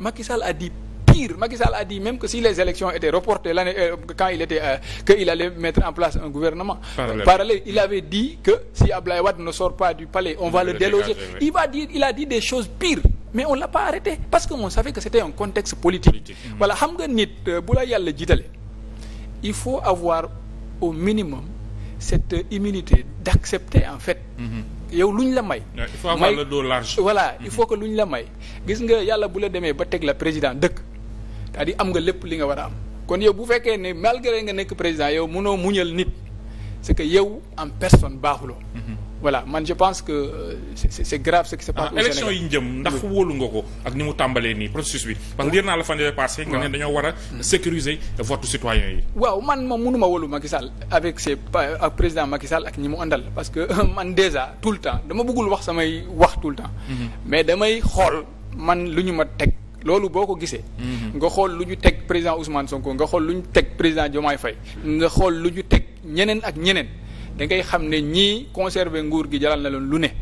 Macky Sall a dit pire Macky Sall a dit même que si les élections étaient reportées l'année euh, quand il était euh, que il allait mettre en place un gouvernement parallèle, parallèle il avait dit que si Ablaye Wade ne sort pas du palais on va le, déloger il a dit des choses pires mais on l'a pas arrêté parce que on savait que c'était un contexte politique, politique. Mmh. xam nga nit euh, bu la yàlla jiitale il faut avoir au minimum cette immunité d'accepter en fait mm-hmm. yow lu ñu la may. il faut avoir le voilà il mhm. faut que lu ñu la may. gis nga yàlla bu la demee ba teg la président dëkk cest à am nga lépp li nga war a am kon yow bu fekkee ne malgré nga nekk président yow mënoo muñal nit c'est que yow am personne baaxuloo. Mhm. voilà man je pense que euh, c'est c'est grave ce qui se ah, élection yi ñu jëm ndax wóolu nga ko ak ni mu tàmbalee nii processus bi. parce que liir naa la fan yii passé. nga ne dañoo war a mm. sécuriser vote citoyen waaw man moom mënuma wóolu Macky Sall avec ses ak président Macky Sall ñi mu àndal parce que man déjà tout le temps dama bëggul wax samay wax tout le temps. Mm-hmm. mais damay xool man lu ñu ma teg. loolu boo ko gisee. Mm-hmm. nga xool lu ñu teg président Ousmane Sonko nga xool lu ñu teg président Diomaye fay nga xool lu ñu teg ñeneen ak ñeneen. da ngay xam ne ñii conserver nguur gi jaral na leen lu ne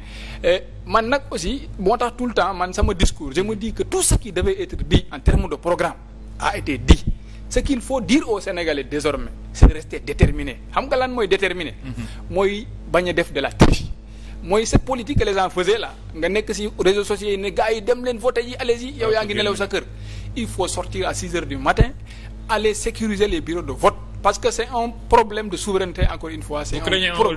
eh, man nag aussi moo tax tout le temps man sama discours je me dis que tout ce qui devait être dit en termes de programme a été dit ce qu'il faut dire au Sénégalais désormais c'est de rester déterminé xam nga lan mooy déterminé mhm. mooy bañ def de la triche mooy cette politique que les gens faisaient là nga nekk ci réseaux sociaux yi ne gars dem leen voter yi allez yi yow yaa ngi nelaw sa kër il faut sortir à six heures du matin aller sécuriser les bureaux de vote parce que c'est un problème de souveraineté encore une fois. c'est un pro